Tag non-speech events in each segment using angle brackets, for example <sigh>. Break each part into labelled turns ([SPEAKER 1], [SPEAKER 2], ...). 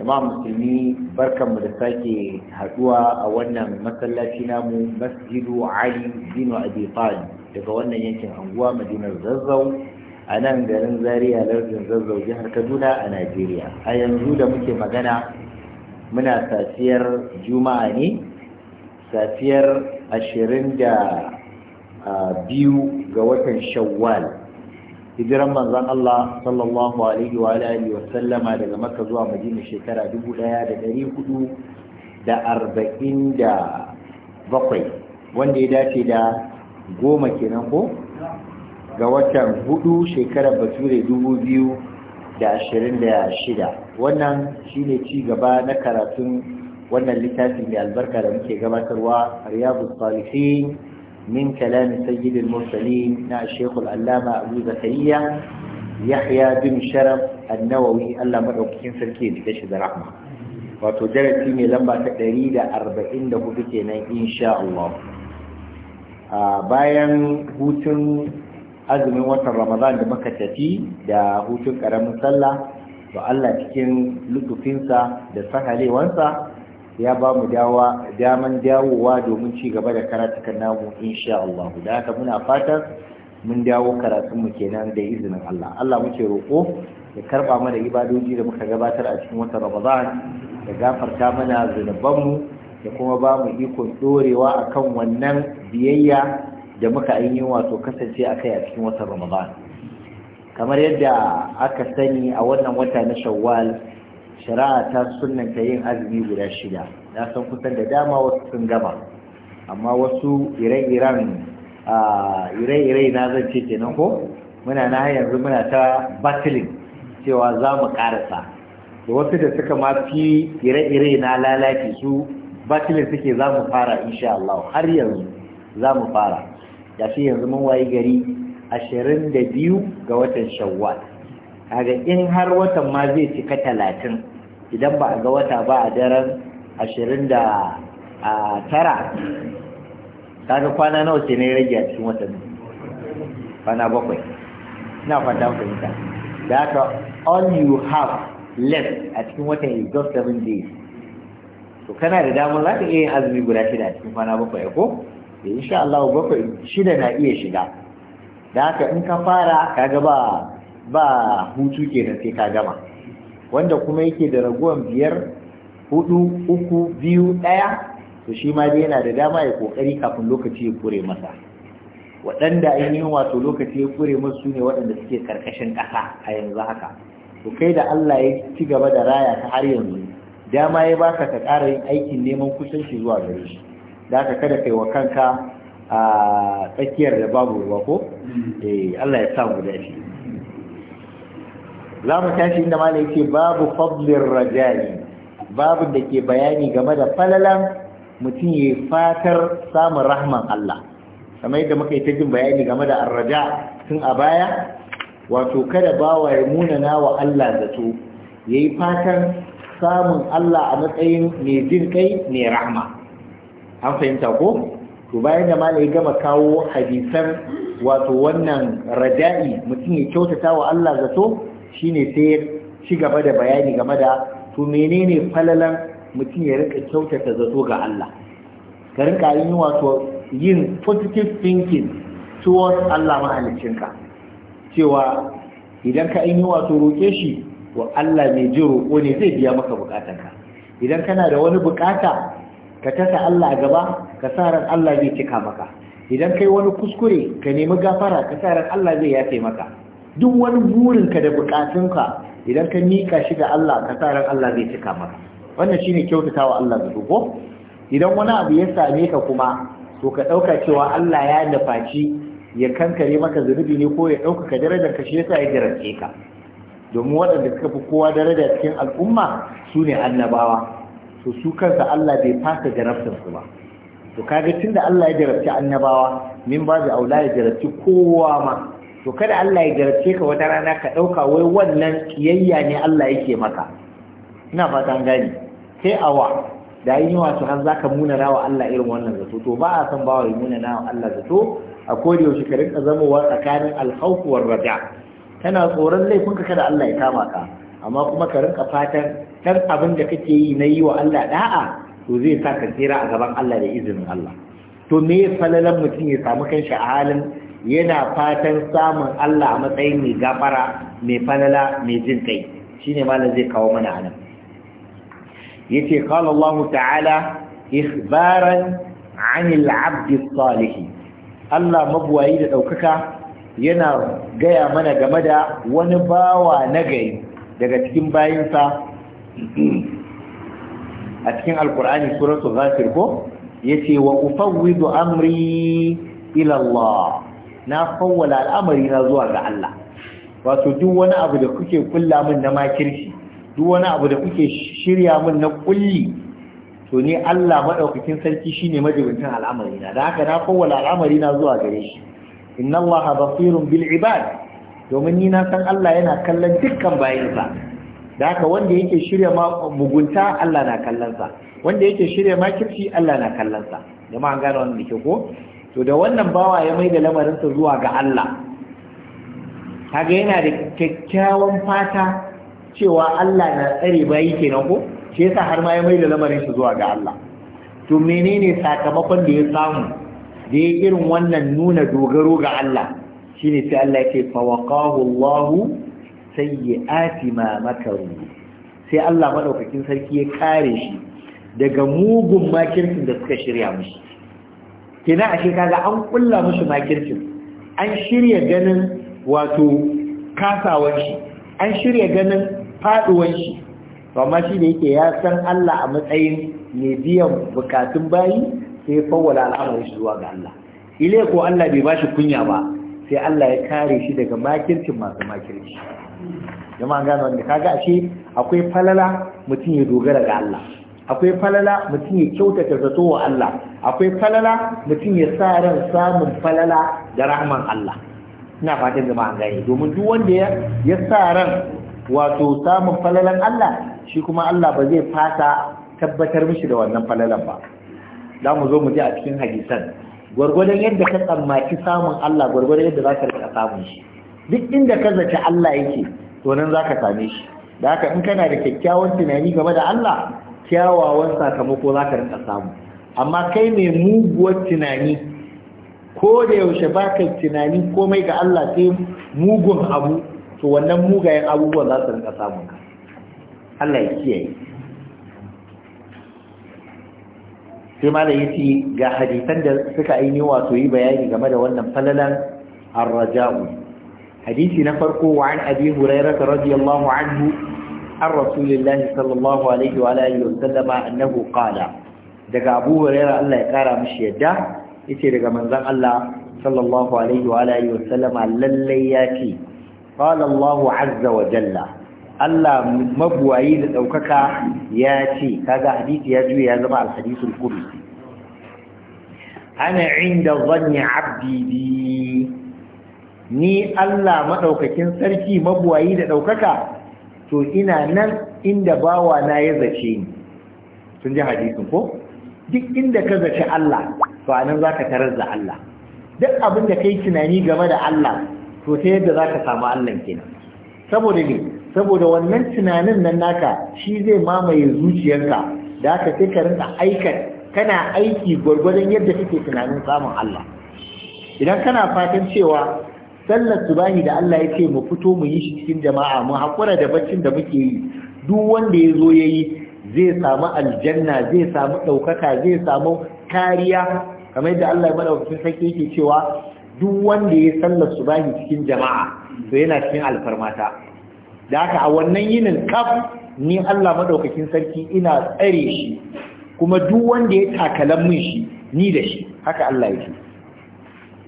[SPEAKER 1] jama'a musulmi barkanmu da sake haduwa a wannan masallaci namu masjidu ali bin abi talib daga wannan yankin anguwa madinar zazzau a nan garin zaria lardin zazzau jihar kaduna a najeriya a yanzu da muke magana muna safiyar juma'a ne safiyar ashirin da ah, biyu ga watan shawwal hijiran manzon Allah sallallahu alaihi wa alihi wa sallama daga Makka zuwa Madina shekara 1447 wanda ya dace da goma kenan ko ga watan hudu shekarar bature 2026 wannan shine ci gaba na karatun wannan littafin mai albarka da muke gabatarwa riyadu salihin من كلام سيد المرسلين مع الشيخ العلامة أبو زكريا يحيى بن شرف النووي ألا مدعوكين سلكين تشهد رحمة وتجرد فيني لما تقريد أربعين له بكينا إن شاء الله bayan hutun azumin watan ramadan da muka tafi da hutun karamin sallah to Allah cikin lutufinsa da sahalewansa ya ba mu daman dawowa domin ci gaba da karatukan namu insha Allah da haka muna fatan mun dawo karatunmu kenan da izinin Allah Allah muke roƙo ya karba mana ibadoji da muka gabatar a cikin watan Ramadan ya gafarta mana zunubanmu da kuma ba mu ikon dorewa akan wannan biyayya da muka ainihin wato kasance a kai a cikin watan Ramadan kamar yadda aka sani a wannan wata na Shawwal shari'a ta sunanta yin azumi guda shida na san kusan da dama wasu sun gama amma wasu ire-iren ire-ire na zance kenan ko muna na yanzu muna ta battling cewa za mu karasa da wasu da suka ma fi ire-ire na lalace su battling suke za mu fara insha Allah har yanzu za mu fara ya shi yanzu mun wayi gari ashirin da biyu ga watan shawwal kaga in har watan ma zai cika talatin idan ba a ga wata ba a daren ashirin da tara ga kwana nawa ce ne rage a cikin watanni kwana bakwai ina fata fahimta da haka all you have left a cikin watan is just seven days to kana da damar za ka iya yin azumi guda shida a cikin kwana bakwai ko da sha Allah bakwai shida na iya shiga da haka in ka fara ka ga ba hutu kenan sai ka gama wanda kuma yake da raguwan biyar hudu uku biyu daya, to shi ma dai yana da dama ya kokari kafin lokaci ya kure masa waɗanda ainihin wato lokaci ya kure musu su ne waɗanda suke karkashin ƙasa a yanzu haka to kai da Allah ya ci gaba da raya ta har yanzu dama ya baka ka ƙara yin aikin neman kusanci zuwa gare shi da haka kada kai wa kanka a tsakiyar da babu ruwa ko mm. eh Allah ya sa mu dace za mu tashi inda ma ce babu fadlin rajai babu da ke bayani game da falalan mutum ya fatar samun rahman Allah kamar yadda muka yi ta jin bayani game da arraja tun a baya wato kada bawa ya munana wa Allah zato ya yi fatan samun Allah a matsayin mai jin kai mai rahma an fahimta ko to bayan da malai gama kawo hadisan wato wannan raja'i mutum ya kyautata wa Allah zato Shi ne sai ya ci gaba da bayani game da to menene falalan mutum ya rinka kyautata zato ga Allah ka rinka yin wato yin positive thinking towards Allah mahaliccinka cewa idan ka yi wato roƙe shi wa Allah mai jin roƙo ne zai biya maka bukatanka idan kana da wani bukata ka tasa Allah a gaba ka sa ran Allah zai cika maka idan kai wani kuskure ka nemi gafara ka sa ran Allah zai yafe maka duk wani burin ka da ka idan ka mika shi ga Allah ka sa ran Allah zai cika maka wannan shine kyautatawa Allah da ko idan wani abu ya same ka kuma to ka dauka cewa Allah ya nufaci ya kankare maka zunubi ne ko ya dauka darajar ka shi yasa ya jarabce ka domin waɗanda suka fi kowa daraja cikin al'umma su ne annabawa to su kansa Allah bai fasa jarabtar su ba to kaga tunda Allah ya jarabci annabawa min ba da aula ya jarabci kowa ma to kada Allah ya jarabce ka wata rana ka ɗauka wai wannan kiyayya ne Allah yake maka ina fatan gani sai awa da yi wato har zaka muna rawa Allah irin wannan zato to ba a san bawa ya muna rawa Allah zato a kodi yaushe ka rinka zamowa tsakanin alkhawf war raja kana tsoron laifin ka kada Allah ya kama ka amma kuma ka rinka fatan dan abin da kake yi na yi wa Allah da'a to zai sa ka tsira a gaban Allah da izinin Allah to me falalan mutum ya samu kanshi a halin yana fatan samun Allah a matsayin mai gafara mai falala mai jin kai shine malam zai kawo mana anan yace qala Allah ta'ala ikbaran 'anil 'abdi salih Allah mabuwayi da ɗaukaka, yana gaya mana game da wani bawa nagari daga cikin bayinsa a cikin alkur'ani suratul zafir ko yace wa ufawwidu amri ila na fawwala al'amari na zuwa ga Allah wato duk wani abu da kuke kulla min na makirci duk wani abu da kuke shirya min na kulli to ni Allah madaukakin sarki shine majibintan al'amari na da haka na fawwala al'amari na zuwa gare shi inna Allah basirun bil ibad domin ni na san Allah yana kallon dukkan bayansa da haka wanda yake shirya mugunta Allah na kallon sa wanda yake shirya makirci Allah na kallon sa jama'an gane wannan da ke ko to da wannan bawa ya mai da lamarinsa zuwa ga Allah haga yana da kyakkyawan fata cewa Allah na tsare bayi kenan ko shi yasa har ma ya mai da lamarinsa zuwa ga Allah to menene sakamakon da ya samu da irin wannan nuna dogaro ga Allah shine sai Allah yake sai Allahu sayyi'ati ma makaru sai Allah madaukakin sarki ya kare shi daga mugun makircin da suka shirya mishi kina ashe kaga an kulla musu makircin an shirya ganin wato kasawar shi an shirya ganin faduwar shi amma shi da yake ya san Allah a matsayin mai biyan bukatun bayi sai ya fawwala al'amarin zuwa ga Allah ile ko Allah bai bashi kunya ba sai Allah ya kare shi daga makircin masu makirci jama'a gano wanda kaga ashe akwai falala mutum ya dogara ga Allah akwai falala mutum ya kyautata zato wa Allah akwai falala mutum ya sa ran samun falala da rahman Allah ina fatan zama an gane domin duk wanda ya ya sa ran wato samun falalan Allah shi kuma Allah ba zai fasa tabbatar mishi da wannan falalan ba za mu zo mu ji a cikin hadisan gwargwadon yadda ka tsammaki samun Allah gwargwadon yadda za ka rika samun shi duk inda ka zaci Allah yake to nan za ka same shi da haka in kana da kyakkyawan tunani game da Allah kyawawan sakamako za ka rinka samu amma kai mai muguwar tunani ko da yaushe ba ka tunani komai ga Allah sai mugun abu to wannan mugayen abubuwan za su rinka samun ka Allah ya kiyaye sai malam yace ga hadisan da suka aini wato yi bayani game da wannan falalan ar-raja'u hadisi na farko wa an abi hurairah radiyallahu anhu An rasulillahi sallallahu alaihi wa عليه وآله وسلم أنه daga Abu Hurairah Allah ya kara mishi yadda yace daga manzon Allah sallallahu alaihi wa alihi wa sallama lalle yace qala Allah azza wa jalla Allah mabuwayi da daukaka yace kaga hadisi ya juya ya zama al-hadisul qudsi ana inda dhanni 'abdi bi ni Allah madaukakin sarki mabuwayi da daukaka to ina nan inda bawa na ya zace ni sun ji hadisin ko duk inda ka zaci Allah to anan zaka tarar da Allah duk abin da kai tunani game da Allah to sai yadda zaka samu Allah kenan saboda ne saboda wannan tunanin nan naka shi zai mamaye zuciyarka da ka sai ka rinka aika kana aiki gwargwadon yadda kake tunanin samun Allah idan kana fatan cewa sallar subahi da Allah ya ce mu fito mu yi shi cikin jama'a mu hakura da baccin da muke yi duk wanda ya zo yayi zai samu aljanna zai samu ɗaukaka zai samu kariya kamar da Allah ya madaukakin sarki yake cewa duk wanda ya sallar subahi cikin jama'a to yana cikin alfarmata da haka a wannan yinin kaf ni Allah madaukakin sarki ina tsare shi kuma duk wanda ya takalan min shi ni da shi haka Allah ya ce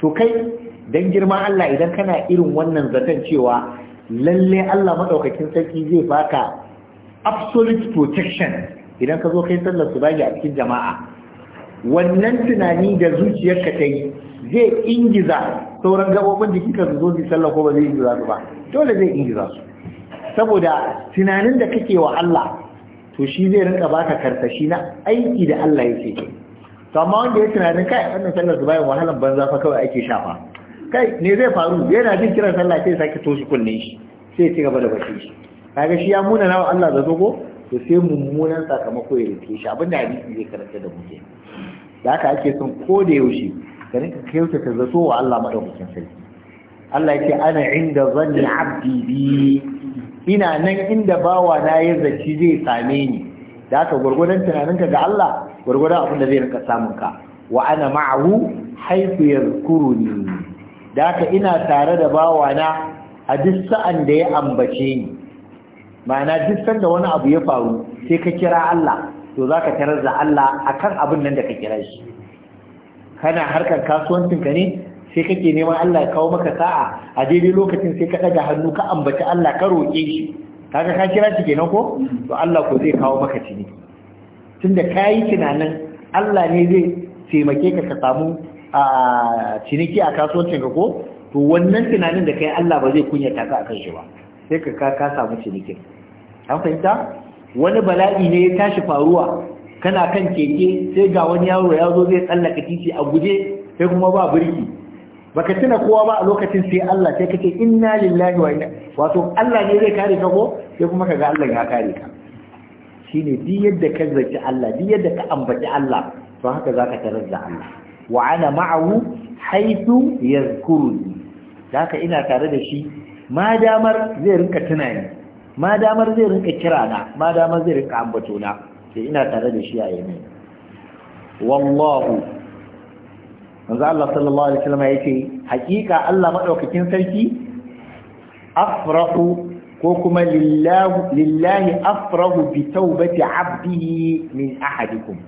[SPEAKER 1] to kai dan girman Allah idan kana irin wannan zaton cewa lalle Allah madaukakin sarki zai baka absolute protection idan ka zo kai sallar baki a cikin jama'a wannan tunani da zuciyarka ta yi zai ingiza sauran gabobin da kika zo su sallar ko ba zai ingiza su ba dole zai ingiza su saboda tunanin da kake wa Allah to shi zai rinka baka karkashi na aiki da Allah yake to amma wanda ya tunanin kai wannan sallar su bayan wahalan banza fa kawai ake shafa kai ne zai faru yana jin kiran sallah sai sake toshi kunne shi sai ci gaba da bashi shi kaga shi ya muna nawa Allah da zogo to sai mummunan sakamako ya rike shi abinda hadisi zai karanta da muke da haka ake son ko da yaushe ka rinka kyauta ka zato wa Allah madaukakin sarki Allah yake ana inda zanni abdi bi ina nan inda bawa na ya zaci zai same ni da haka gurgurdan tunaninka ga Allah gurgurdan abin da zai rinka samun ka wa ana ma'ahu haythu yazkuruni da haka ina tare da bawana a duk sa'an da ya ambace ni ma'ana duk sanda wani abu ya faru sai ka kira Allah to zaka tarar da Allah akan abin nan da ka kira shi kana harkar kasuwancin ka ne sai kake neman Allah ya kawo maka sa'a a daidai lokacin sai ka daga hannu ka ambaci Allah ka roƙe shi kaga ka kira shi kenan ko to Allah ko zai kawo maka ciniki tunda kayi tunanin Allah ne zai taimake ka ka samu a ciniki a kasuwancin ka ko to wannan tunanin da kai Allah ba zai kunyata ka akan shi ba sai ka ka ka samu cinikin an fahimta wani bala'i ne ya tashi faruwa kana kan keke sai ga wani yaro ya zo zai tsallaka titi a guje sai kuma ba birki baka tuna kowa ba a lokacin sai Allah sai kace inna lillahi wa inna wato Allah ne zai kare ka ko sai kuma ga Allah ya kare ka shine duk yadda ka zaci Allah duk yadda ka ambaci Allah to haka zaka tarar da Allah wa ana ma'ahu haitu yazkuruni haka ina tare da shi ma damar zai rinka tunani ma damar zai rinka kirana ma damar zai rinka ambato na sai ina tare da shi a yayin wallahu manzo Allah sallallahu alaihi wasallam yace hakika Allah madaukakin sarki afrahu ko kuma lillahi lillahi afrahu bi taubati abdihi min ahadikum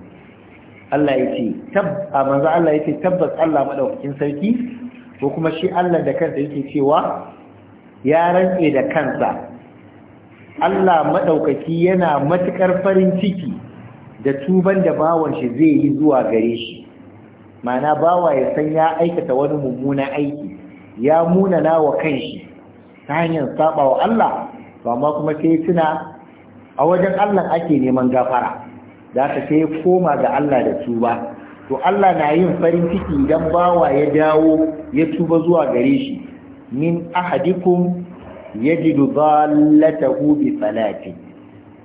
[SPEAKER 1] Allah ya ce a manzo Allah ya ce tabbas Allah maɗaukakin sarki ko kuma shi Allah da kansa yake cewa ya rantse da kansa Allah madaukaki yana matukar farin ciki da tuban da bawan shi zai yi zuwa gare shi ma'ana bawa ya san ya aikata wani mummuna aiki ya muna munana wa kanshi ta hanyar saba wa Allah to kuma sai tuna a wajen Allah ake neman gafara Za ka sai koma ga Allah da tuba to Allah na yin farin ciki idan bawa ya dawo ya tuba zuwa gare shi min ahadikum yajidu dhallatahu bi salati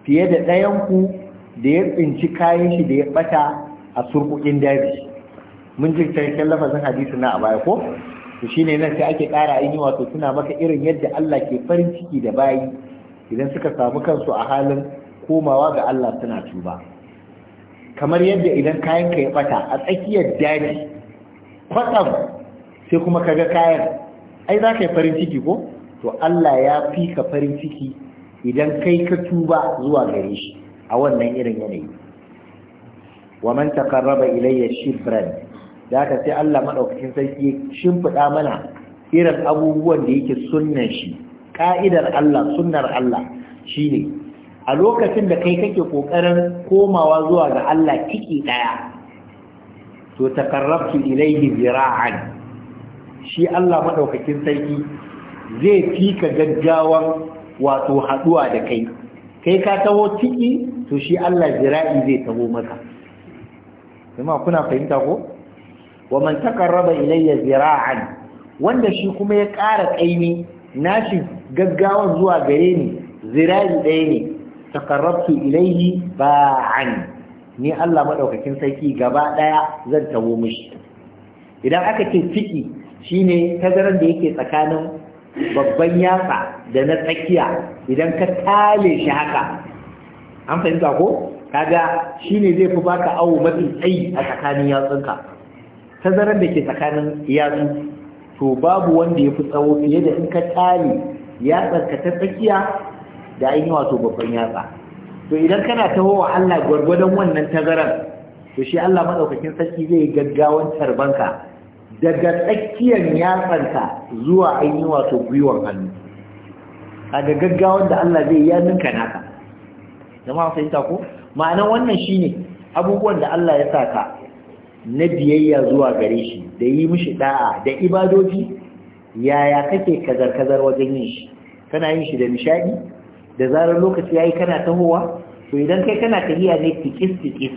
[SPEAKER 1] fiye da ɗayan ku da ya tsinci kayan shi da ya bata a surkukin daji mun ji cikakken lafazin hadisi na a baya ko to shine nan sai ake kara yin wato suna maka irin yadda Allah ke farin ciki da bayi idan suka samu kansu a halin komawa ga Allah suna tuba kamar yadda idan kayan ka ya bata a tsakiyar daji kwatsam sai kuma kaga kayan ai za ka yi farin ciki ko to Allah ya fi ka farin ciki idan kai ka tuba zuwa gare shi a wannan irin yanayi wa man taqarraba ilayya shibran da ka sai Allah madaukakin sarki shimfiɗa mana irin abubuwan da yake sunnan shi ka'idar Allah sunnar Allah shine a lokacin da kai kake kokarin komawa zuwa ga Allah ciki daya to taqarrabtu ilayhi zira'an shi Allah madaukakin sarki zai fika gaggawan wato haduwa da kai kai ka taho ciki to shi Allah zira'i zai taho maka kuma kuna fahimta ko wa man taqarraba ilayya zira'an wanda shi kuma ya ƙara kaimi nashi gaggawan zuwa gare ni zira'i ɗaya ne taqarrabtu ilayhi ba'an ni Allah madaukakin sarki gaba daya zan tawo mishi idan aka ce fiki shine tazaran da yake tsakanin babban yatsa da na tsakiya idan ka tale shi haka an fahimta ko kaga shine zai fi baka awo mafi tsayi a tsakanin yatsunka tazaran da ke tsakanin yatsu to babu wanda ya fi tsawo fiye da in ka tale yatsarka ta tsakiya da ainihi wato babban yatsa to idan kana taho wa Allah gwargwadon wannan tagaran, to shi Allah madaukakin sarki zai gaggawan tarbanka daga tsakiyar yatsanka zuwa ainihin wato gwiwar hannu kaga gaggawan da Allah zai yi ninka naka jama'a sai ta ko ma'anar wannan shine abubuwan da Allah ya saka na biyayya zuwa gare shi da yi mishi da'a da ibadoji yaya kake kazar-kazar wajen yin shi kana yin shi da nishadi da zarar lokaci yayi kana tahowa to idan kai kana tahiya ne tikis tikis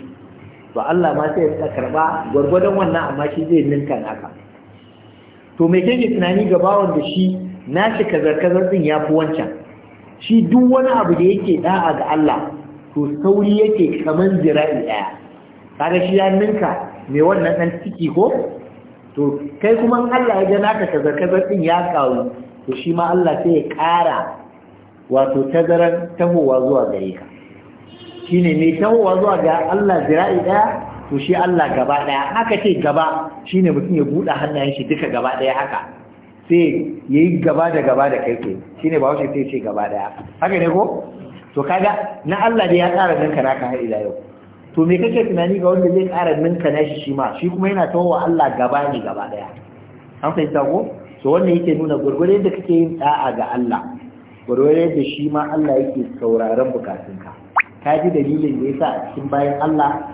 [SPEAKER 1] to Allah ma sai ya karba gwargwadon wannan amma shi zai ninka naka to me kake tunani ga bawon da shi nashi kazar kazar din ya fi wancan shi duk wani abu da yake da'a ga Allah to sauri yake kaman jira'i daya kaga shi ya ninka me wannan dan ciki ko to kai kuma Allah ya ga naka kazar kazar din ya karu to shi ma Allah sai ya kara wato tazaran tahowa zuwa gare ka shine mai tahowa zuwa ga Allah zira'i daya to shi Allah gaba daya haka ce gaba shine mutum ya buɗe hannayen shi duka gaba daya haka sai yayi gaba da gaba da kai ke shine ba wuce sai ce gaba daya haka ne ko to kaga na Allah da ya tsara ninka naka har ila yau to me kake tunani ga wanda zai tsara ninka na shi ma shi kuma yana tahowa Allah gaba ne gaba daya an fahimta ko to wannan yake nuna gurgure da kake yin da'a ga Allah gwarwar yadda shi ma Allah yake sauraron bukatunka ka ji dalilin da yasa a cikin bayan Allah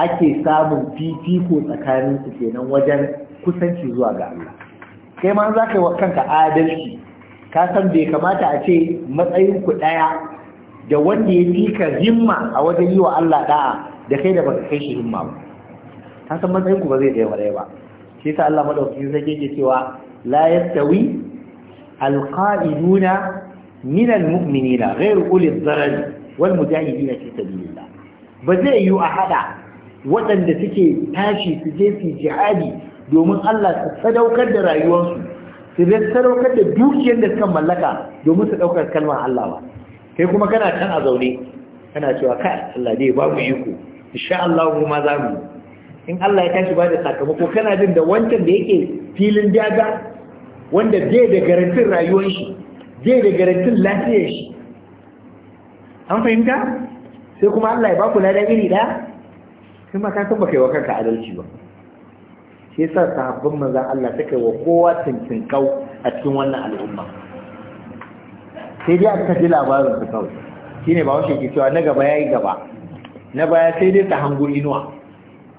[SPEAKER 1] ake samun fifiko tsakanin su kenan wajen kusanci zuwa ga Allah kai ma za ka yi kanka adalci ka san bai kamata a ce matsayin ku daya da wanda ya fi ka himma a wajen yi wa Allah da'a da kai da baka kai shi himma ba ka san matsayin ku ba zai daya ba ba shi yasa Allah madaukakin sarki yake cewa la yastawi alqa'iduna من المؤمنين غير أولي الضرر والمجاهدين في سبيل الله بزي أحدا وطن دسكي تاشي سجي في جهادي domin Allah su sadaukar da rayuwarsu su sadaukar da dukiyar da suka mallaka domin su daukar kalmar Allah ba kai kuma kana can a zaune kana cewa kai Allah dai ba mu iko insha Allah mu za mu in Allah ya tashi ba da sakamako kana jin da wancan da yake filin daga wanda zai da garantin rayuwar shi zai da garantin lafiyar shi an fahimta sai kuma Allah ya baku lada iri ɗaya kai ma ka san baka yi wa kanka adalci ba shi yasa sahabban manzon Allah suka wa kowa kau a cikin wannan al'umma sai dai aka ji labarin su kawai shine ba washe ke cewa na gaba yayi gaba na baya sai dai ta hango inuwa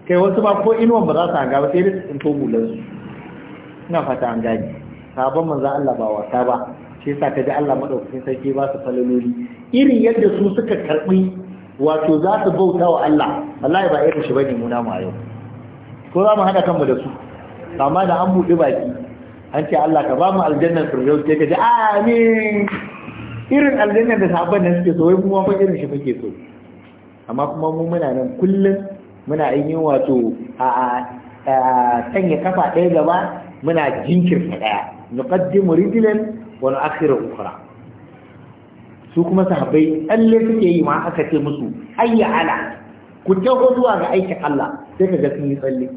[SPEAKER 1] kai wasu ba ko inuwan ba za su hanga ba sai dai su tsinto hulansu ina fata an gani sabon manzan Allah ba wasa ba shi yasa ji Allah madaukakin sarki ba su falaloli irin yadda su suka karbi wato za su bauta wa Allah wallahi ba irin shi bane mu na mayo ko za mu hada kanmu da su amma da an buɗe baki an ce Allah ka ba mu aljannar firdaus sai ji amin irin aljannar da sahabban nan suke so wai mu ma irin shi muke so amma kuma mu muna nan kullum muna yin wato a sanya kafa ɗaya gaba muna jinkirta ɗaya nuqaddimu rijlan wani akhirar ukura su kuma sahabbai tsalle suke yi ma aka ce musu hayya ala ku taho zuwa ga aikin Allah sai ka ga sun yi tsalle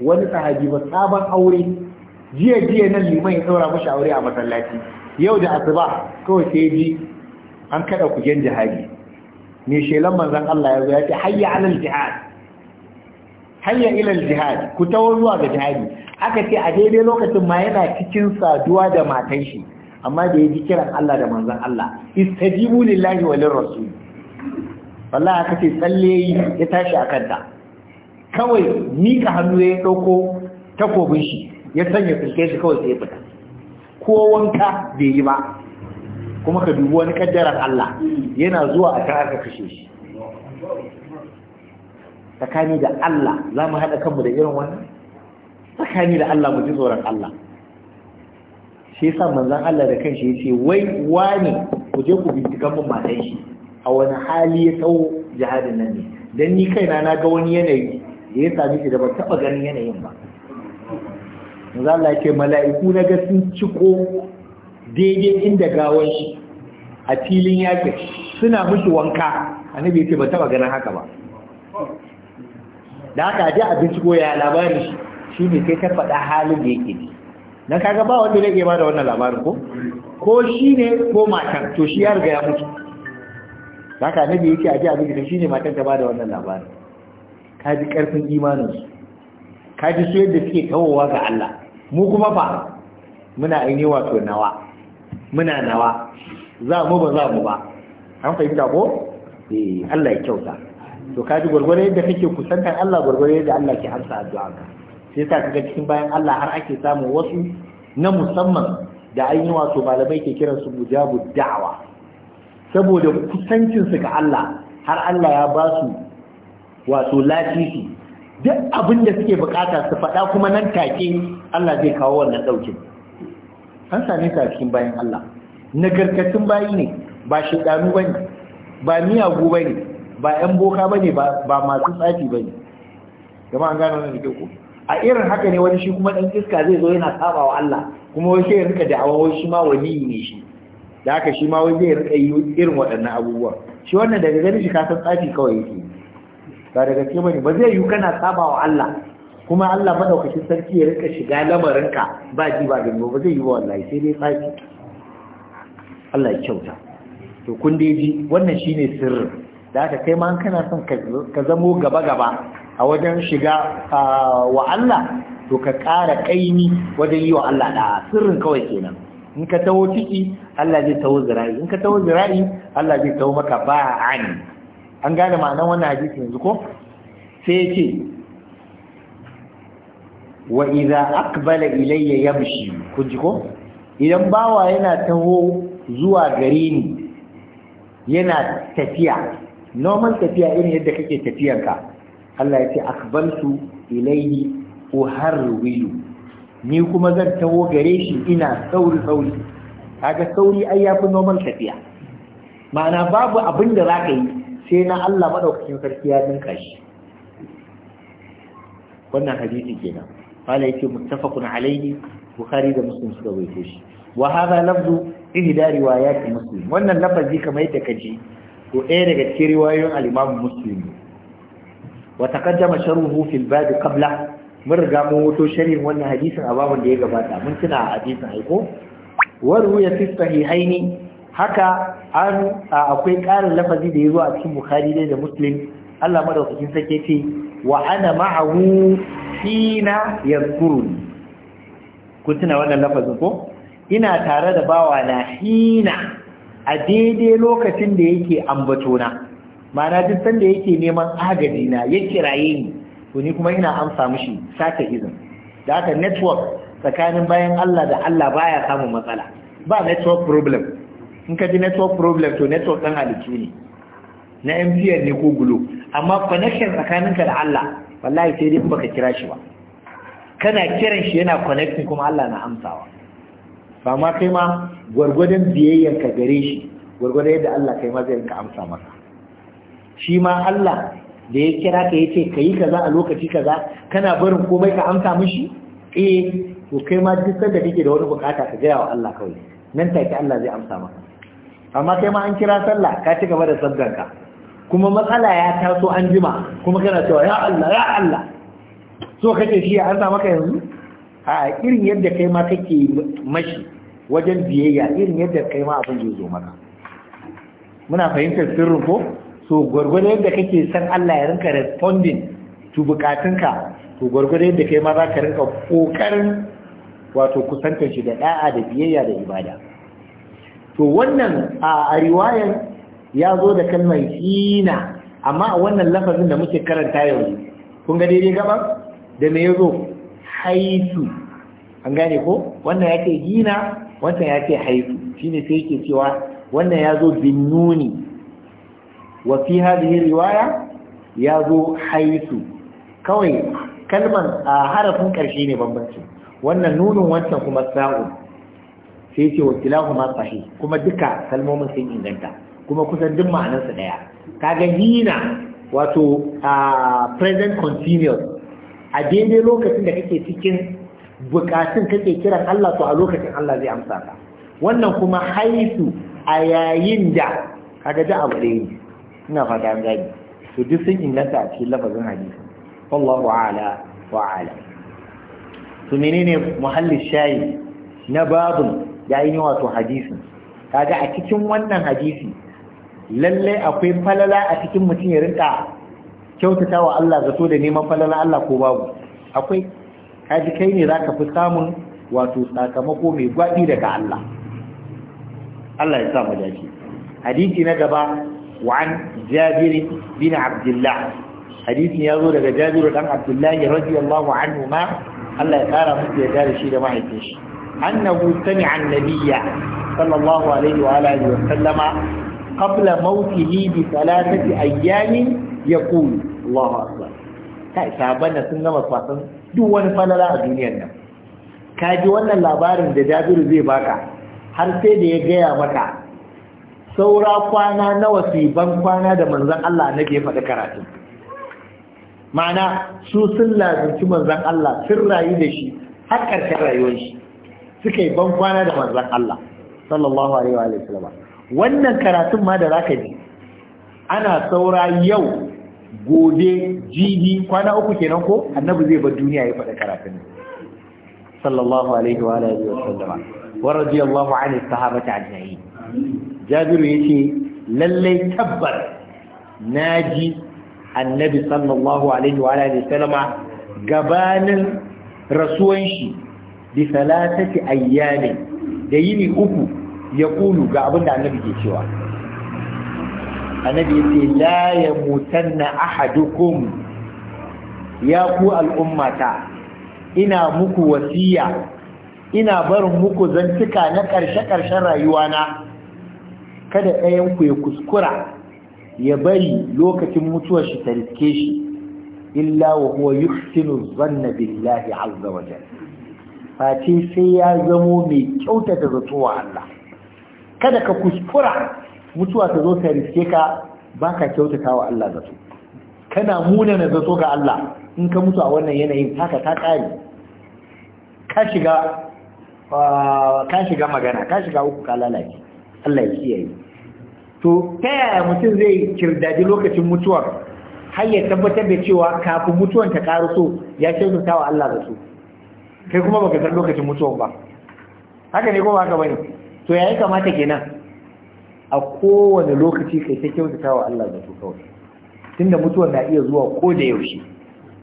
[SPEAKER 1] wani sahabi ba sabon aure jiya jiya nan liman ya saura mashi aure a masallaci yau da asuba kawai sai ji an kada kujen jihadi ne shelan manzon Allah ya zo ya ce hayya ala jihad hayya ila jihad ku taho zuwa ga jihadi aka ce a daidai lokacin ma yana cikin saduwa da matan shi amma da ya ji kiran Allah da manzan Allah istajibu lillahi walir rasul wallahi aka ce tsalle ya tashi akan ta kawai mika hannu ya dauko takobin shi ya sanya filke shi kawai sai ya fita ko wanka bai yi ba kuma ka dubi wani kaddaran Allah yana zuwa a kan aka kashe shi tsakani da Allah za mu haɗa kanmu da irin wannan tsakani da Allah mu ji tsoron Allah shi yasa manzan Allah da kanshi ce wai wani ku je ku bincika mun matan shi a wani hali ya tsawo jihadin nan ne dan ni kaina na ga wani yanayi da ya sami shi da ba taba ganin yanayin ba manzan Allah yake mala'iku na ga sun ciko daidai inda gawan shi a filin yaƙi suna mushi wanka annabi yace ban taba ganin haka ba da haka je a binciko ya labarin shi shi ne sai ta faɗa halin da yake ne dan kaga ba wanda yake ba da wannan labarin ko ko shine ko matan to shi ya riga ya mutu haka annabi yake aje abin da shine matan ta ba da wannan labarin ka ji karfin imanin su ka ji su yadda suke tawowa ga Allah mu kuma fa muna aini wato nawa muna nawa za mu ba za mu ba an fahimta ko eh Allah ya kyauta to ka ji gurgure yadda kake kusantar Allah gurgure yadda Allah ke amsa addu'a ka sai sa kaga cikin bayan Allah har ake samun wasu na musamman da ainihin wato malamai ke kiran su mujabu da'awa saboda kusancin su ga Allah har Allah ya ba su wato lafifi duk abin da suke bukata su faɗa kuma nan take Allah zai kawo wannan ɗaukin an same ta cikin bayan Allah nagarkatun bayi ne ba shaidanu bane ba miyagu bane ba 'yan boka bane ba masu tsafi bane gama an gano ne da ke a irin haka ne wani shi kuma ɗan iska zai zo yana saba wa Allah kuma wai sai ya rika da'awa wai shi ma waliyi ne shi da haka shi ma wai zai rika yi irin waɗannan abubuwa shi wannan daga gani shi kasan tsafi kawai yake ba daga ce bane ba zai yi kana saba wa Allah kuma Allah madaukakin sarki ya rika shiga lamarinka ba ji ba gani ba zai yi wa wallahi sai dai tsafi Allah ya kyauta to kun dai ji wannan shine sirrin da haka kai ma kana son ka zamo gaba gaba a wajen shiga wa Allah to ka ƙara ƙaimi wajen yi wa Allah da sirrin kawai kenan in ka taho ciki Allah zai taho zira'i in ka taho zira'i Allah zai taho maka ba'an an gane ma'anar wannan hadisi yanzu ko sai ce wa idza aqbala ilayya yamshi kun ji ko idan bawa yana taho zuwa gare ni yana tafiya normal tafiya irin yadda kake tafiyanka Allah ya ce akbaltu ilaihi uharwilu ni kuma zan tawo gare shi ina sauri sauri kaga sauri ai yafi normal tafiya ma'ana babu abin da zaka yi sai na Allah madaukakin sarki ya dinka shi wannan hadisi kenan ya ce muttafaqun alayhi bukhari da muslim suka rawaito shi wa hadha lafzu ihda riwayat muslim wannan lafazi kamar yadda kaji ko ɗaya daga cikin riwayoyin al-imam muslim wata kaddama sharhuhu fil bab qabla mun riga mun wato sharhin wannan hadisin a babun da ya gabata mun tuna a hadisin aiko wa ruya fi sahihaini haka an akwai ƙarin lafazi da yazo a cikin bukhari dai da muslim Allah madaukakin sake ce wa ana ma'ahu fina yadhkuruni ku tuna wannan lafazin ko ina tare da bawa na hina a daidai lokacin da yake ambatona ma'ana duk sanda yake neman agaji na ya kiraye ni to ni kuma ina amsa mishi sake izin da haka network tsakanin bayan Allah da Allah baya samun matsala ba network problem in ka ji network problem to network ɗan halittu ne na mpn ne ko gulo amma connection tsakaninka da Allah wallahi sai dai baka kira shi ba kana kiran shi yana connecting kuma Allah na amsawa ba ma kai ma gwargwadon biyayyanka gare shi gwargwadon yadda Allah kai ma zai ka amsa maka shi ma Allah da ya kira ka ya ce ka yi kaza a lokaci kaza kana barin komai ka amsa mishi eh to kai ma duk sanda kake da wani bukata ka gaya wa Allah kawai nan take Allah zai amsa maka amma kai ma an kira sallah ka ci gaba da sabganka kuma matsala ya taso an jima kuma kana cewa ya Allah ya Allah so kake shi an amsa maka yanzu a irin yadda kai ma kake mashi wajen biyayya irin yadda kai ma abin zai zo maka muna fahimtar sirrin ko so gwargwado yadda kake san Allah ya rinka responding to bukatunka to gwargwado yadda kai ma za ka rinka kokarin wato kusantar shi da da'a da biyayya da ibada to wannan a riwayar ya zo da kalmar hina amma a wannan lafazin da muke karanta yau kun ga daidai gaba? da me yazo haitu an gane ko wannan yake hina wannan yake haitu shine sai yake cewa wannan yazo binnuni wa fi hadhihi riwaya ya zo haisu kawai kalman harafin ƙarshe ne bambanci wannan nunin wancan kuma sa'u sai ce wakilahu ma sahi kuma duka kalmomin sun inganta kuma kusan duk ma'anarsa daya ga hina wato a present continuous a daidai lokacin da kake cikin bukatun kake kiran Allah to a lokacin Allah zai amsa ka wannan kuma haisu a yayin da kaga da abu ɗaya ne ina fata an gani to duk sun inganta a cikin lafazin hadisi wallahu ala wa ala to menene muhallin shayi na babun ya yi wato hadisi kaga a cikin wannan hadisi lalle akwai falala a cikin mutum ya rinka kyautata wa Allah zato da neman falala Allah ko babu akwai kaji kai ne zaka fi samun wato sakamako mai gwadi daga Allah Allah ya sa mu dace hadisi na gaba وعن جابر بن عبد الله حديث يزور جابر بن عبد الله رضي الله عنهما الله يقارى مثل يدار شيء ما يتش أنه سمع النبي صلى الله عليه وآله وسلم قبل موته بثلاثة أيام يقول الله أكبر kai sabon na sun gama fasan duk wani falala a duniyar nan ka ji wannan labarin da jabiru zai baka har sai da ya gaya maka saura kwana nawa su ban kwana da manzan Allah na ke faɗi karatu ma'ana su sun lazimci manzan Allah sun rayu da shi har ƙarshen rayuwar shi suka yi ban kwana da manzan Allah sallallahu alaihi wa sallam wannan karatun ma da zaka ji ana saura yau gobe jibi kwana uku kenan ko annabi zai bar duniya ya faɗi karatun sallallahu alaihi wa wa sallam wa radiyallahu anhu sahabati ajma'in jabiru yace lallai tabbar naji annabi sallallahu alaihi wa alihi salama. gabanin rasuwan shi bi salatati ayyami da yini uku ya kulu ga abin da annabi ke cewa annabi yace la yamutanna ahadukum ya ku al'ummata ina muku wasiya ina barin muku zantuka na ƙarshe-ƙarshen rayuwana kada ɗayan ku ya kuskura ya bari lokacin mutuwar shi ta riske shi illa wa huwa yuhsinu zanna billahi azza wa face sai ya zamo mai kyautata zatowa Allah kada ka kuskura mutuwa ta zo ta riske ka baka kyautata wa Allah zato kana munana zato ga Allah in ka mutu a wannan yanayin haka ta kare ka shiga ah, ka shiga magana ka shiga uku ka lalace Allah ya kiyaye to ta yaya mutum zai kirdaji lokacin mutuwar har ya tabbatar da cewa kafin mutuwan ta karu so ya kyautata wa Allah da su kai kuma baka san lokacin mutuwan ba haka ne kuma haka bane to yayi kamata kenan a kowane lokaci kai ta kyautata wa Allah da su kawai tunda mutuwan na iya zuwa ko da yaushe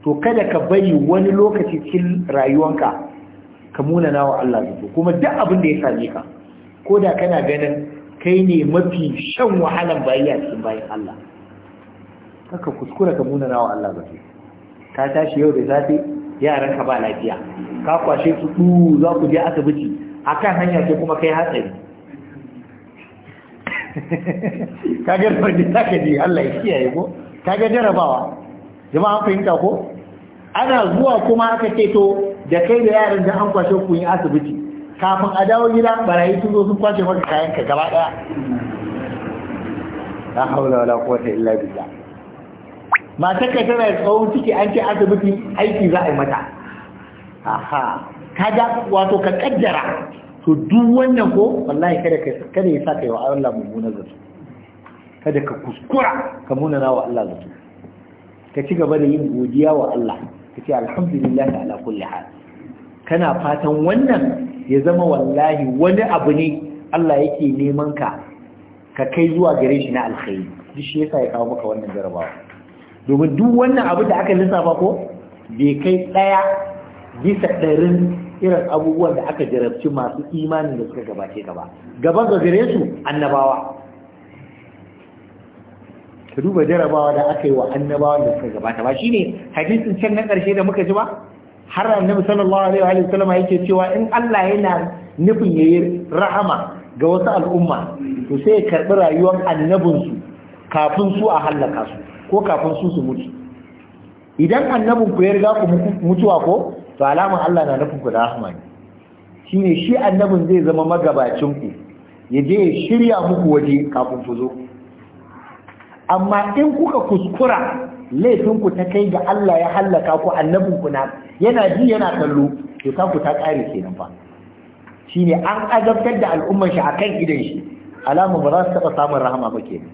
[SPEAKER 1] to kada ka bari wani lokaci cikin rayuwanka ka munana wa Allah da su kuma duk abin da ya same ka ko da kana ganin kai ne mafi shan wahalan bayi a cikin bayan Allah kaka kuskura ka muna rawa Allah ba ce ka tashi yau da safe yaran ka ba lafiya ka kwashe su du za ku je asibiti akan hanya ce kuma kai hatsari <laughs> Ka da farji taka ji Allah ya kiyaye ko ga jarabawa jama'a fahimta ko ana zuwa kuma aka ce to da kai da yaran da an kwashe ku yi asibiti kafin a dawo gida barayi sun zo sun kwace maka kayan ka gaba daya la haula wala quwwata illa billah matar ka tana tsawon ciki an ce asibiti aiki za a yi mata aha kaga wato ka kaddara to duk wannan ko wallahi kada ka kada ya saka yawa Allah mummunar zato kada ka kuskura ka munana wa Allah zato ka ci gaba da yin godiya wa Allah ka ce alhamdulillah ala kulli hal kana fatan wannan ya zama wallahi wani abu ne Allah yake neman ka ka kai zuwa gare shi na alkhairi duk shi yasa ya kawo maka wannan jarabawa domin duk wannan abu da aka lissafa ko bai kai daya bisa ɗarin irin abubuwan da aka jarabci masu imani da suka gabace ka ba gaban ga gare su annabawa ka duba jarabawa da aka yi wa annabawan da suka gabata ba shine hadisin can na ƙarshe da muka ji ba har annabi sallallahu alaihi wa sallam yake cewa in Allah yana nufin yayi rahama ga wasu al'umma to sai ya karbi rayuwar annabinsu kafin su a halaka su ko kafin su su mutu idan annabin ku ya riga ku mutuwa ko to alaman Allah na nufin ku da rahama ne shine shi annabin zai zama magabacin ku ya je ya shirya muku waje kafin ku zo amma in kuka kuskura laifin ku ta kai ga Allah ya hallaka ku annabin ku na yana ji yana kallo to ta ku ta kare kenan fa shine an azabtar da al'umman shi akan idan shi alamu ba za su taba samun rahama ba kenan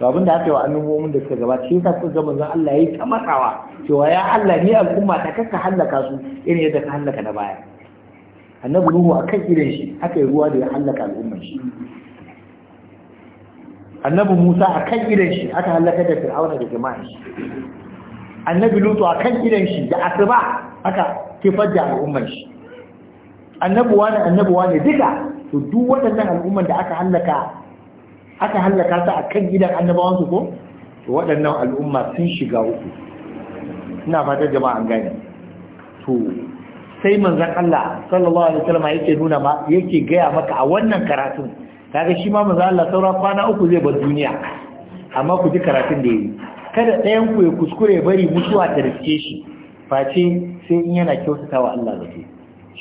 [SPEAKER 1] to abinda aka yi wa annabawan da suka gabata shi yasa ku ga manzon Allah yayi kamatsawa cewa ya Allah ni al'umma ta kasa hallaka su irin yadda ka hallaka na baya annabi Nuhu akan idan shi aka yi ruwa da ya hallaka al'umman shi annabi Musa a kan gidan shi aka halaka da Fir'auna da jama'a shi annabi Lutu a kan gidan shi da asuba aka kifar da al'ummar shi annabi wani annabi wani duka to duk waɗannan al'ummar da aka halaka aka halaka su a kan gidan annabawan su ko to waɗannan al'umma sun shiga uku ina fatan jama'a an gane to sai manzon Allah sallallahu alaihi wasallam yake nuna ma yake gaya maka a wannan karatun kaga shi ma manzo Allah saura kwana uku zai bar duniya amma ku ji karatun da yayi kada ɗayan ku ya kuskure bari mutuwa ta riske shi face sai in yana kyautata wa Allah zake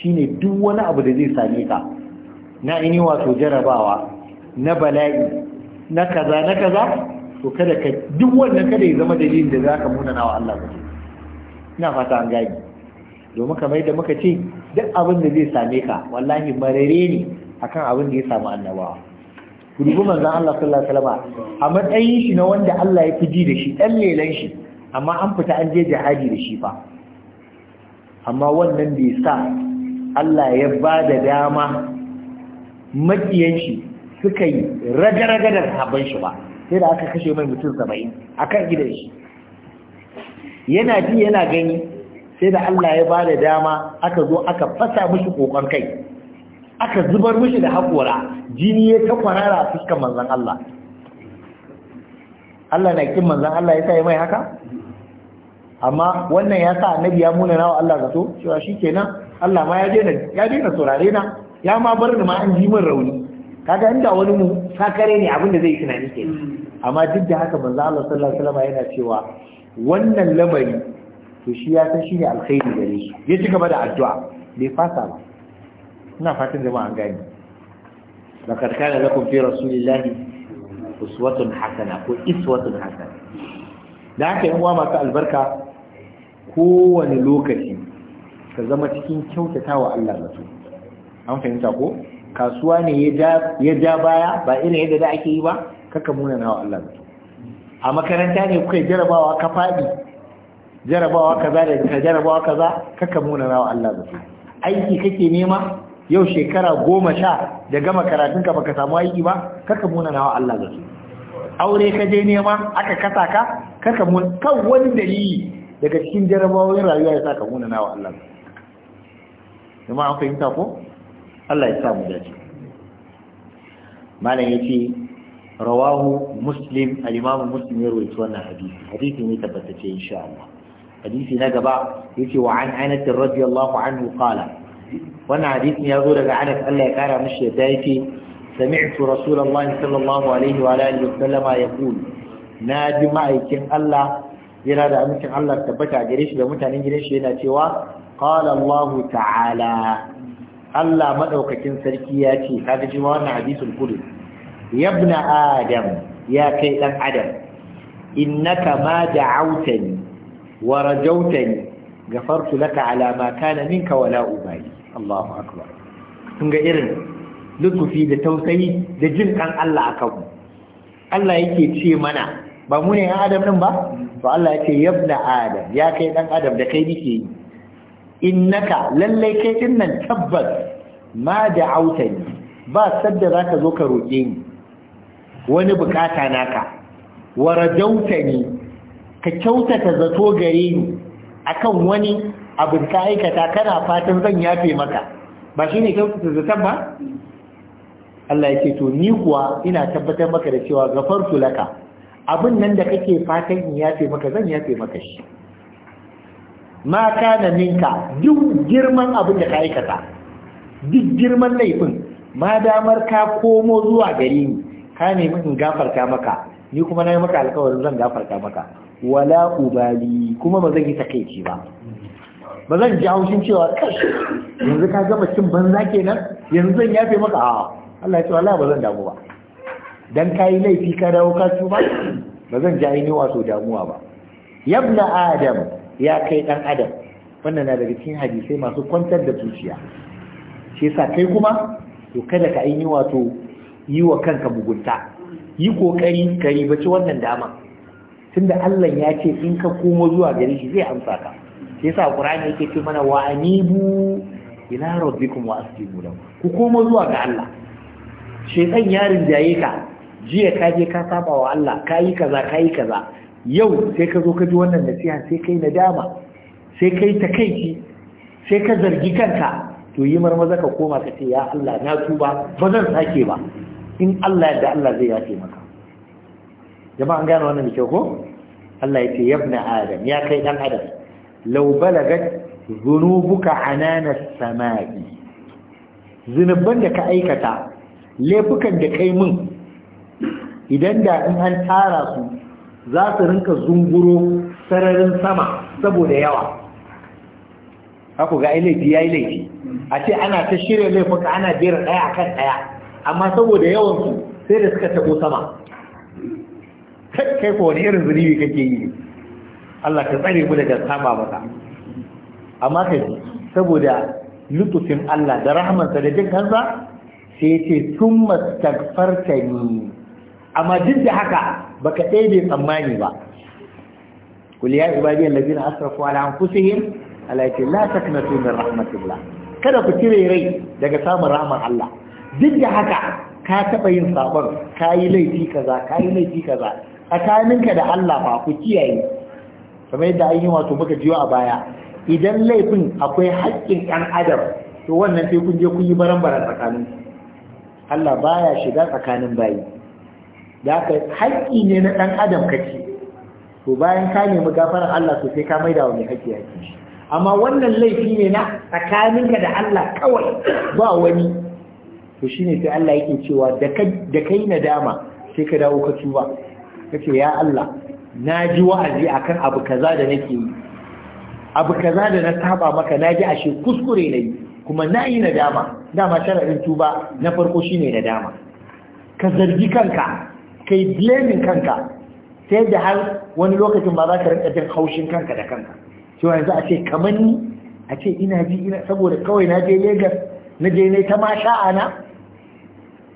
[SPEAKER 1] shine duk wani abu da zai same ka na ini wato jarabawa na bala'i na kaza na kaza to kada ka duk wannan kada ya zama dalilin da zaka muna nawa Allah zake ina fata an gaji domin kamar yadda muka ce duk abin da zai same ka wallahi marare ne akan abin da ya samu annabawa ku dubi manzon Allah sallallahu alaihi wasallam a matsayin shi na wanda Allah ya fi ji da shi dan lelan shi amma an fita an je jihadi da shi fa amma wannan bai sa Allah ya ba da dama makiyan shi suka yi raga-raga da sahabban shi ba sai da aka kashe mai mutum saba'in a kan gidan shi yana ji yana gani sai da Allah ya ba da dama aka zo aka fasa mushi kokon kai aka zubar mishi da haƙora jini ya ta kwanara a fuskar manzan Allah Allah na ƙin manzan Allah ya sa ya mai haka amma wannan ya sa annabi ya muna nawa Allah zato cewa nan? Allah ma ya daina saurare na ya ma bar ni ma an ji min rauni kaga inda wani mu sakare ne abin da zai tunani ke amma duk da haka manzan Allah sallallahu alaihi wasallam yana cewa wannan lamari to shi ya san shi ne alkhairi gare shi ya ci gaba da addu'a bai fasa ba ina fatan jama'a an gani laqad kana lakum fi rasulillahi uswatun hasana ko iswatun hasana da haka yan uwa masu albarka kowane lokaci ka zama cikin kyautatawa Allah zato an fahimta ko kasuwa ne ya ja baya ba irin yadda da ake yi ba kaka muna nawa Allah zato a makaranta ne kuka jarabawa ka faɗi jarabawa kaza da ka jarabawa kaza kaka muna nawa Allah zato aiki kake nema yau shekara goma sha da gama karatunka baka samu aiki ba karka muna nawa Allah zai aure ka je nema aka kasa ka karka mun kan wani dalili daga cikin jarabawoyin rayuwa ya saka muna nawa Allah kuma an fahimta ko Allah ya sa mu dace malam yace rawahu muslim al-imam muslim ya rawaito wannan hadisi hadisi ne tabbatacce insha Allah hadisi na gaba yace wa an anas radiyallahu anhu qala wannan hadisin ya zo daga Anas Allah ya kara mishi yadda yake sami'tu rasulullahi sallallahu alaihi wa alihi wasallama yaqul na ji ma'aikin Allah yana da amincin Allah tabbata gare shi da mutanen gidan shi yana cewa qala Allah ta'ala Allah madaukakin sarki ya ce kaga ji wannan hadisul qudus yabna adam ya kai dan adam innaka ma da'awtani wa rajawtani ghafartu laka ala ma kana minka wala ubali Allahu akbar kun ga irin lutufi da tausayi da jin kan Allah akan mu Allah yake ce mana ba mu ne adam din ba to Allah ya ce yabna adam ya kai dan adam da kai nike yi innaka lallai kai din nan tabbas ma da'awtani ba sadda zaka zo ka roke ni wani bukata naka warajautani ka kyautata zato gare ni akan wani abin ka aikata kana fatan zan yafe maka ba shi ne kyautata da ba Allah ya ce to ni kuwa ina tabbatar maka da cewa gafartu laka abin nan da kake fatan in yafe maka zan yafe maka shi ma na ninka duk girman abin da ka aikata duk girman laifin ma damar ka komo zuwa gare ni ka nemi in gafarta maka ni kuma na yi maka alkawarin zan gafarta maka wala ubali kuma ba zan yi takaici ba ba zan ji haushin cewa kai yanzu ka gama cin banza kenan yanzu zan yafe maka a Allah ya ce wallahi ba zan damu ba dan kai laifi ka dawo ka tuba ba zan ji ni wato damuwa ba yabna adam ya kai dan adam wannan na daga cikin hadisai masu kwantar da zuciya shi yasa kai kuma to kada ka ainihin wato yi wa kanka mugunta yi kokari ka bace wannan dama tunda Allah ya ce in ka komo zuwa gare shi zai amsa ka shi yasa qur'ani yake ce mana wa anibu ila rabbikum wa aslimu lahu ku koma zuwa ga Allah shedan ya rinjaye ka jiya ka je ka saba wa Allah kayi kaza kayi kaza yau sai ka zo ka ji wannan nasiha sai kai nadama sai kai takaici, sai ka zargi kanka to yi marmaza ka koma ka ce ya Allah na tuba ba zan sake ba in Allah yadda Allah zai yafe maka jama'a an gane wannan da kyau ko Allah ya ce yabna adam ya kai dan adam law balagat dhunubuka anana samari. zunuban da ka aikata laifukan da kai mun idan da in an tara su za su rinka zunguro sararin sama saboda yawa aku ga laifi ya yi laifi a ce ana ta shirya laifuka ana jera ɗaya a kan ɗaya amma saboda yawansu sai da suka taɓo sama kai ko wani irin zunubi kake yi Allah ka tsare mu daga saba maka amma kai saboda lutufin Allah da rahmansa da jin kansa sai ya ce sun mastagfarta ni amma duk da haka baka ɗaya bai tsammani ba kuli ya ibadiyar lazina asrafu ala anfusihim ala yake la taknatu min rahmatillah kada ku cire rai daga samun rahmar Allah duk da haka ka taɓa yin sabon ka yi laifi kaza ka yi laifi kaza tsakaninka da Allah ba ku kiyaye kamar yadda an yi wato muka jiyo a baya idan laifin akwai haƙƙin ɗan adam to wannan sai kun je kun yi baran-baran tsakanin Allah baya shiga tsakanin bayi da haƙƙi ne na ɗan adam kace to bayan ka nemi gafarar Allah to sai ka maida wa mai haƙƙi haƙƙi amma wannan laifi ne na tsakaninka da Allah kawai ba wani to shine sai Allah yake cewa da kai nadama sai ka dawo ka tuba kace ya Allah na ji wa'azi a kan abu kaza da nake yi abu kaza da na saba maka na ji ashe kuskure yi kuma na yi na dama sharaɗin tuba na farko shi ne na dama. ka zargi kanka ka yi blaming kanka ta da har wani lokacin ba za ka rinka jin haushin kanka da kanka wa yanzu a ce kamar ni a ce ina ji ina saboda kawai na je Legas na je ne ta masha'a na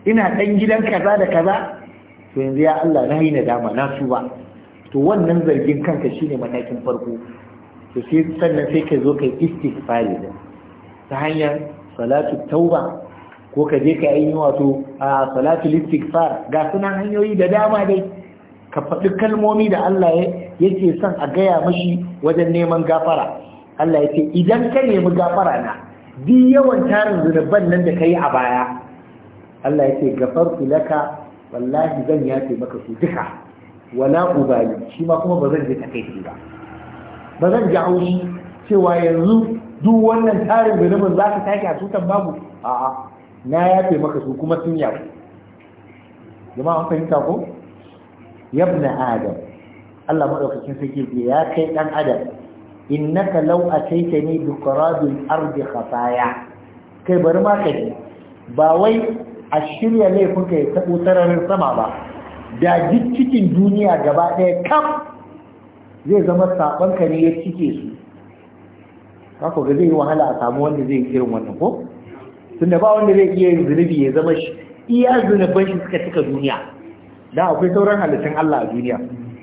[SPEAKER 1] ina ɗan gidan kaza da kaza to yanzu ya Allah na yi nadama na tuba to wannan zargin kanka shine matakin farko to sai sannan sai ka zo kai istighfari da ta hanyar salatu tauba ko ka je ka yi wato a salatu istighfar ga sunan hanyoyi da dama dai ka faɗi kalmomi da Allah yake son a gaya mashi wajen neman gafara Allah ya ce idan ka nemi gafara na bi yawan tarin zunuban nan da ka a baya Allah ya ce gafartu laka wallahi zan yafe maka su duka wala ubali shi ma kuma ba zan ji takaici ba ba zan ji haushi cewa yanzu duk wannan tarin zunubin za ka take a tutan babu a'a na yafe maka su kuma sun yafu jama'a an fahimta ko yabna adam Allah madaukakin sarki ya kai dan adam innaka law ataitani bi qarabil ardi khataya kai bari ma ka ba wai a shirya laifin ya tabo sararin sama ba da duk cikin duniya gaba ɗaya kam zai zama saban ka ne ya cike su ka ga zai yi wahala a samu wanda zai irin wannan ko tunda ba wanda zai iya yin zunubi ya zama shi iya zunuban shi suka cika duniya da akwai sauran halittun Allah a duniya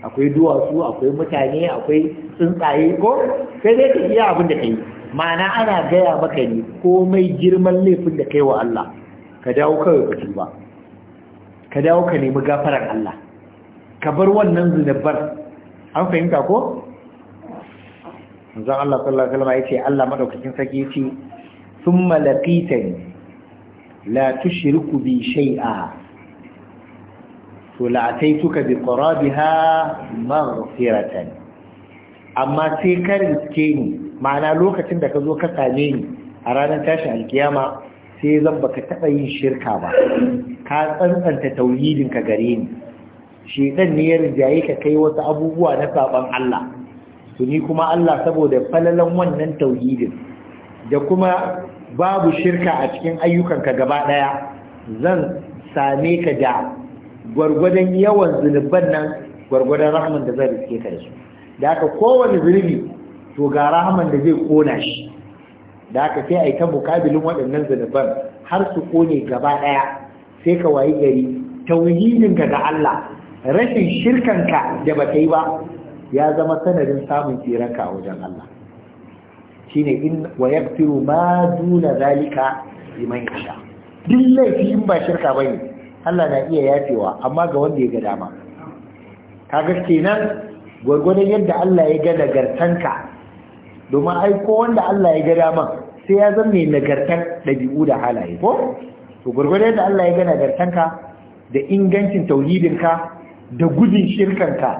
[SPEAKER 1] akwai duwatsu akwai mutane akwai tsuntsaye ko sai dai ka iya abin da kai ma'ana ana gaya maka ne komai girman laifin da kai wa Allah ka dawo kawai ka tuba ka dawo ka nemi gafarar Allah ka bar wannan zunubar an fahimta ko zan Allah sallallahu alaihi wasallam yace Allah madaukakin sarki yace thumma laqitani la tushriku bi shay'a to la ataituka bi qurabiha maghfiratan amma sai ka riske ni ma'ana lokacin da ka zo ka same ni a ranar tashi alkiyama sai zan baka taɓa yin shirka ba ka tsantsanta tauhidin ka gare ni shedan ne ya rijaye ka kai wasu abubuwa na saban Allah to ni kuma Allah saboda falalan wannan tauhidin da kuma babu shirka a cikin ayyukanka gaba daya zan same ka da gwargwadon yawan zunuban nan gwargwadon rahman da zai riske ka da su da haka kowane zunubi to ga rahman da zai kona shi da aka sai a yi ta mukabilin waɗannan zunuban har su kone gaba ɗaya sai ka wayi gari tauhidinka ga Allah rashin shirkanka da ba yi ba ya zama sanadin samun tsiranka a wajen Allah shine in wa yaktiru ma duna zalika liman yasha duk laifi in ba shirka bane Allah na iya yafewa amma ga wanda ya ga dama kaga kenan gwargwadon yadda Allah ya ga nagartanka domin ai ko wanda Allah ya ga dama sai ya zama mai nagartan ɗabi'u da halaye ko to gurgurdan da Allah ya ga nagartanka da ingancin tauhidinka da gudun shirkanka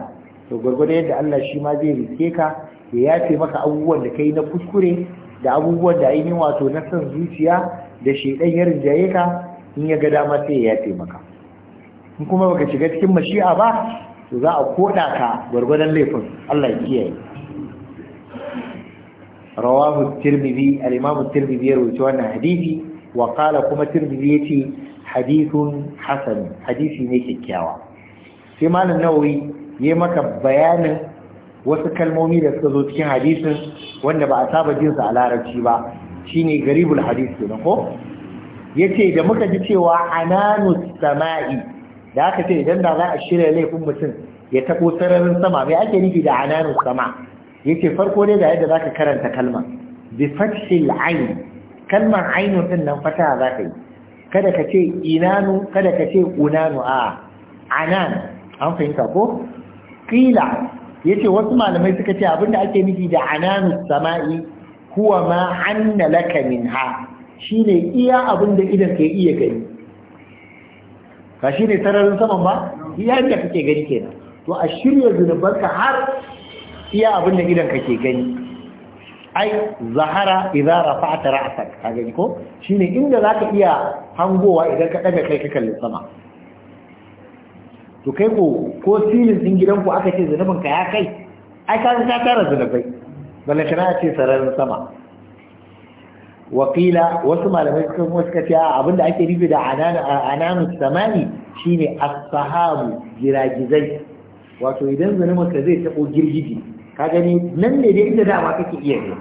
[SPEAKER 1] to gurgurdan yadda Allah shi ma zai rike ka ya yafe maka abubuwan da ka yi na kuskure da abubuwan da ainihin wato na son zuciya da shedan ya rinjaye ka in ya ga dama sai ya yafe maka in kuma baka shiga cikin mashi'a ba to za a koɗa ka gurgurdan laifin Allah ya kiyaye rawahu tirmidhi al-imam tirmidhi ya rawaito wannan hadisi wa qala kuma tirmidhi yace hadithun hasan hadisi ne kyakkyawa sai malam nawawi ya maka bayanin wasu kalmomi da suka zo cikin hadisin wanda ba a saba jin sa a larabci ba shine garibul hadisi ne ko yace da muka ji cewa ananus sama'i da aka ce idan da za a shirya laifin mutum ya tabo sararin sama mai ake nufi da ananus sama yace farko dai ga yadda zaka karanta kalma bi fathil ayn kalmar aynu din nan fata za ka yi kada ka ce inanu kada ka ce unanu a anan an fahimta ko qila yace wasu malamai suka ce abinda ake nufi da ananu sama'i huwa ma anna laka minha shine iya abinda idan ke iya gani ba shine sararin saman ba iya da kake gani kenan to a shirya zunubanka har iya abin da idan ke gani ai zahara idza rafa'ta ra'sak ka gani ko shine inda zaka iya hangowa idan ka daga kai ka kalli sama to kai ko ko silin din gidanku aka ce zanubin ka ya kai ai ka ta tara zanubai balle kana ce sararin sama wakila wasu malamai sun kuma suka abin abinda ake nufi da ananun samani shine as-sahabu giragizai wato idan zanubin ka zai taɓo girgiji ka gani nan ne dai inda dama kake iya yi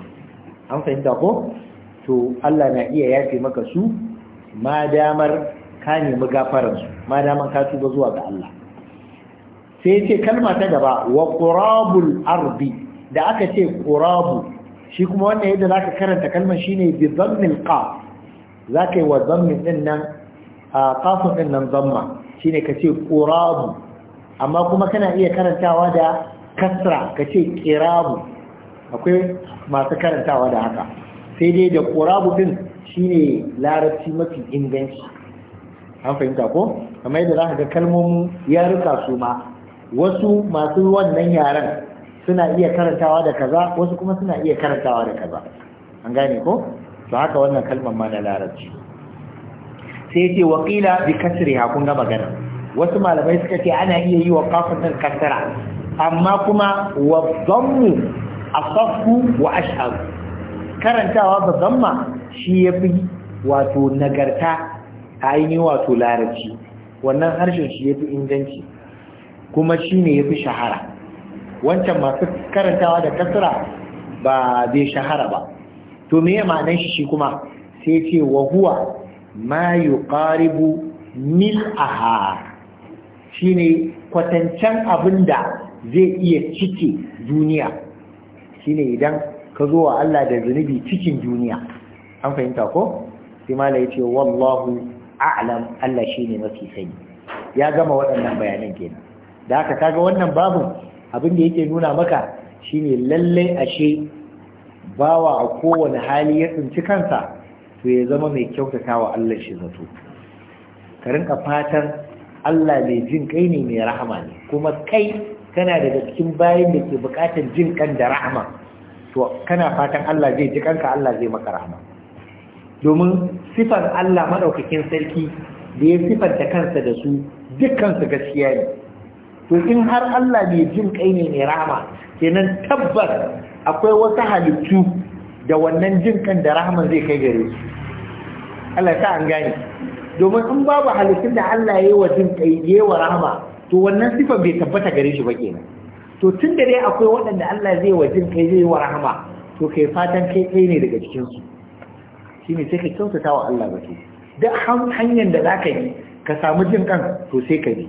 [SPEAKER 1] an fahimta ko to Allah na iya yafe maka su ma damar ka nemi gafaran su ma damar ka tuba zuwa ga Allah sai ce kalma ta gaba wa qurabul ardi da aka ce qurabu shi kuma wannan yadda zaka karanta kalmar shine bi dhammil qaf zaka yi wa dhammin din nan qafun din nan dhamma shine kace qurabu amma kuma kana iya karantawa da kasra ka ce kirabu akwai masu karantawa da haka sai dai da kurabu din shine larabci mafi inganci an fahimta ko kamar yadda za ka ga kalmomin yaruka su ma wasu masu wannan yaren suna iya karantawa da kaza wasu kuma suna iya karantawa da kaza an gane ko to haka wannan kalmar ma na larabci sai ce waƙila bi ha kun ga magana wasu malamai suka ce ana iya yi wa kafin nan kasara amma kuma wa zammu asaffu wa ash'ar karantawa ba zamma shi yafi wato nagarta a ainihin wato larabci wannan harshen shi yafi inganci kuma shi shine yafi shahara wancan masu karantawa da kasra ba zai shahara ba to me ma'anar shi shi kuma sai ce wa huwa ma yuqaribu mil'aha shine kwatancen abinda zai iya cike duniya shine idan ka zo wa Allah da zunubi cikin duniya an fahimta ko sai mala yace wallahu a'lam Allah shine mafi sani ya gama waɗannan bayanan kenan da haka kaga wannan babu abin da yake nuna maka shine lallai ashe bawa a kowane hali ya tsinci kansa to ya zama mai kyautata wa Allah shi zato ka rinka fatan Allah mai jin kai ne mai rahama ne kuma kai kana daga cikin bayan da ke bukatar jin kan da rahama to kana fatan Allah zai ji kanka Allah zai maka rahama domin sifan Allah madaukakin sarki da ya sifanta kansa da su su gaskiya ne to in har Allah bai jin kai ne mai rahama kenan tabbas akwai wasu halittu da wannan jin kan da rahama zai kai gare su Allah ta an gane domin in babu halittun da Allah ya yi wa jin kai ya yi wa rahama to wannan sifar bai tabbata gare shi ba kenan to tun da dai akwai waɗanda Allah zai wa jin kai zai wa rahama to kai fatan kai kai ne daga cikin su shine sai ka kyautata wa Allah ke duk hanyar da zaka yi ka samu jin kan to sai ka yi.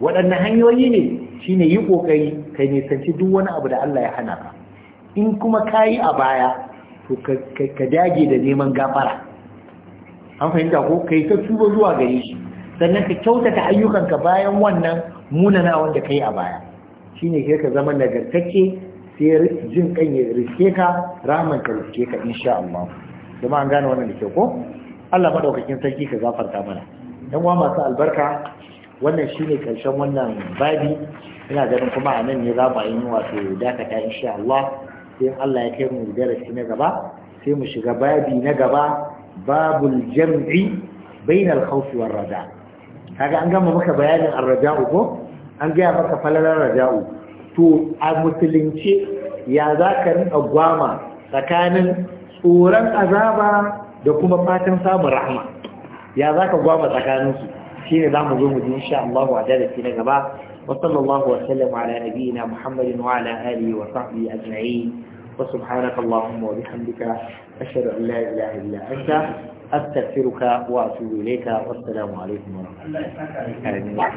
[SPEAKER 1] waɗannan hanyoyi ne shine yi kokari kai ne sanci duk wani abu da Allah ya hana ka in kuma kayi a baya to ka dage da neman gafara an fahimta ko kai ta tuba zuwa gare shi sannan ka kyautata ayyukanka bayan wannan munana wanda ka yi a baya shine sai ka zama nagartacce sai jin kan ya riske ka rahaman ka riske ka insha Allah kuma an gane wannan da ke ko Allah madaukakin sarki ka gafarta mana dan uwa masu albarka wannan shine karshen wannan babi ina ganin kuma a nan ne za mu yi wato dakata insha Allah sai Allah ya kai mu darasi na gaba sai mu shiga babi na gaba babul jam'i bainal khawfi war kaga an gama maka bayanin arraja'u ko an gaya maka falalar raja'u to a musulunci ya za ka rinka gwama tsakanin tsoron azaba da kuma fatan samun rahama ya za ka gwama tsakaninsu shi ne za mu zo mu ji insha Allah wa shi na gaba wa sallallahu wa sallam ala nabiyina Muhammadin wa ala alihi wa sahbihi ajma'in wa subhanaka wa bihamdika أشهد أن لا إله إلا أنت أستغفرك وأتوب إليك والسلام عليكم ورحمة الله